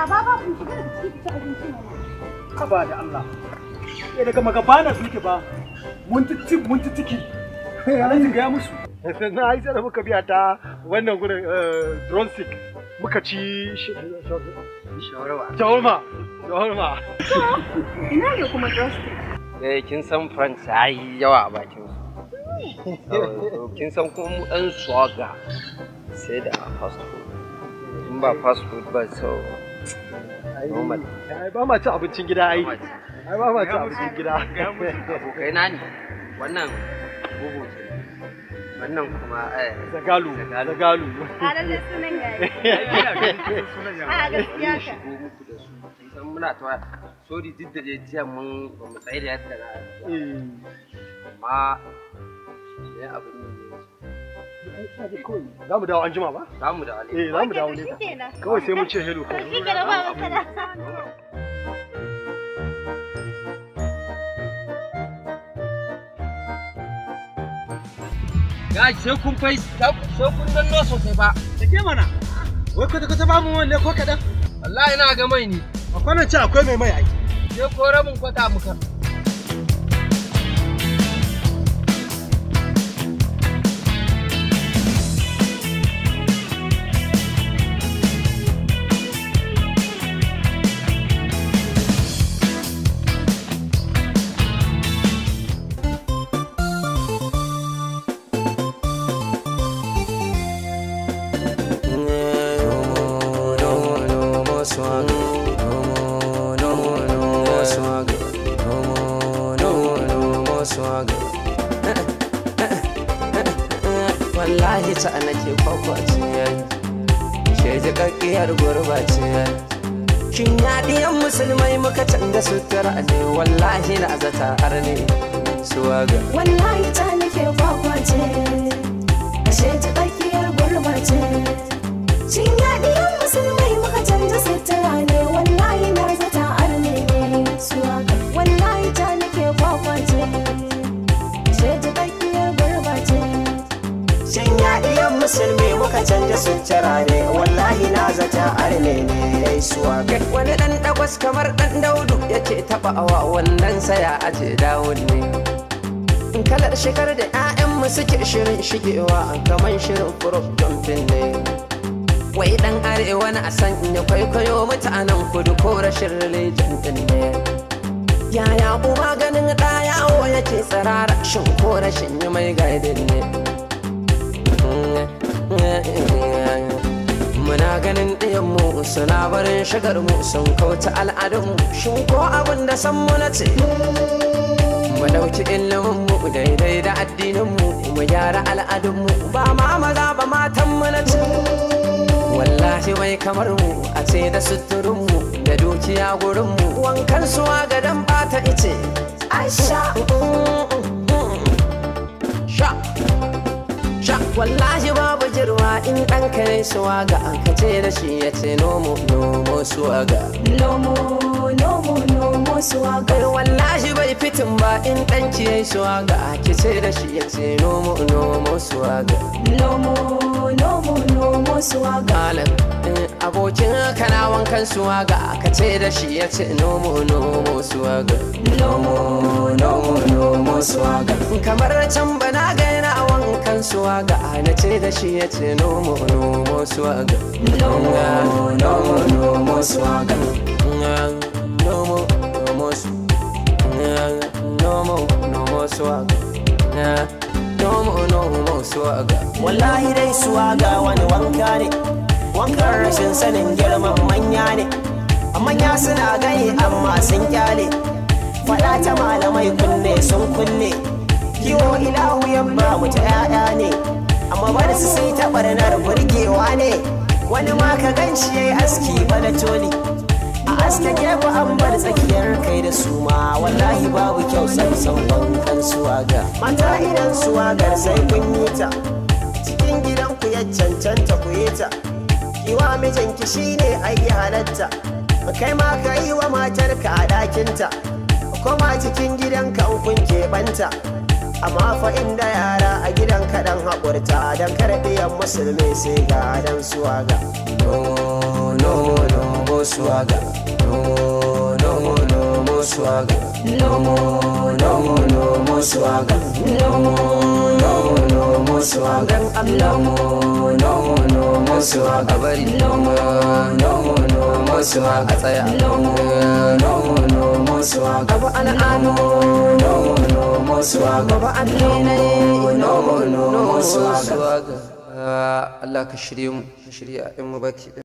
A baba ku shiga da ciki ta abinci ne. Haba da Allah. Ya daga bana su ke ba. Mun ci ci mun ci ciki. Alhaji ga ya musu. Na ai sai da muka biya ta wannan gurin eh, drone stick. Muka ci eh, shawarma. Shawarma. Shawarma. Ina ne kuma drone stick? Eh kin san France ai yawa a bakin su. Hmm. Eh, kin san kuma mu dan swaga sai da fast food. In ba fast food ba sau Ai ba ma ci abincin gida ai. Ai ba ma ci abincin gida. Abokai na ne. Wannan Wannan kuma eh, zagalu zagalu. A sunan yayi. A gaskiya ka. San muna ta sori duk da jiya mun ba mu tsaye da yadda na. Eh. Amma ne abin Za mu dawo an jima ba? Za mu dawo Eh, za mu dawo ne. Kawai sai mu ce hello Shi ba matsala. sai kun fai sai kun danno sosai ba. Take mana. Wai kwata kwata ba mu wanne ko kaɗan? Wallahi ina ga mai ne. Akwai nan ce akwai mai mai ai. Sai ko rabin kwata muka. no swag, no more, no more, no more swag, no more, no more, no more swag. Wallahi ta nake kwakwaciya, ke ji kakkiyar gurbaciya. Kin musulmai muka canza sutura ne, wallahi na zata arne suwaga. Wallahi ta nake me muka canja sutura ne wallahi na zata arne ne suwa wani dan dagwas kamar dan daudu yace taba awa wannan saya aje dawo ne in kalar shekar da 'ya'yanmu suke shirin shigewa kamar shirin furof jumping ne wai dan arewa na san ya kwaikwayo mutanen kudu ko rashin religion din ne yaya kuma ganin ɗaya yawo yake tsirara shin ko rashin yi mai gaidin ne suna barin shigar mu sun kauta al'adun mu shin ko abin da san mu na ce mu ɗauki ilimin mu daidai da addinin mu mu gyara al'adun mu ba ma maza ba matan mu na ce wallahi bai kamar mu a ce da suturin mu da dukiya gurin mu wankan suwa ga dan kai suwaga an kace da shi ya ce nomo nomo suwaga nomo nomo nomo suwaga wallahi bai fitin ba in dan ki yayi suwaga ki ce da shi ya ce nomo nomo suwaga nomo nomo nomo suwaga alan abokin kana wankan suwaga ka ce da shi ya ce nomo nomo suwaga nomo nomo nomo suwaga kamar can bana ga swaga ana ce da shi ya ce nomo nomo swaga nomo nomo nomo suwaga nomo swaga nomo nomo suwaga nomo nomo swaga wallahi dai swaga wani wanka ne wankan rashin sanin girman manya ne amma ya suna gani amma sun kyale fada ta malamai kunne sun kunne kiwo ilahu ba wata 'ya'ya ne amma bada su sai ta barnar burgewa ne wani ma ka gan yayi aski bana toli a aske gefe an bar tsakiyar kai da su ma wallahi babu kyau sansan bankan suwaga mata idan suwagar sai kun yi ta cikin gidan ku ya cancanta ku yi ta kiwa mijinki shine ai halatta kai ma ka yi wa matar matarka a ɗakinta kuma cikin gidan ka kun keɓanta amma fa inda yara a gidan kaɗan haƙurta don karɓiyan musulmi sai ga dan suwaga no no no suwaga no no no suwaga no no no suwaga no no no suwaga no no no suwaga no no no suwaga tsaya no no no suwaga abu ana Ah, Allah ka shirye mu shirya shirye mu baki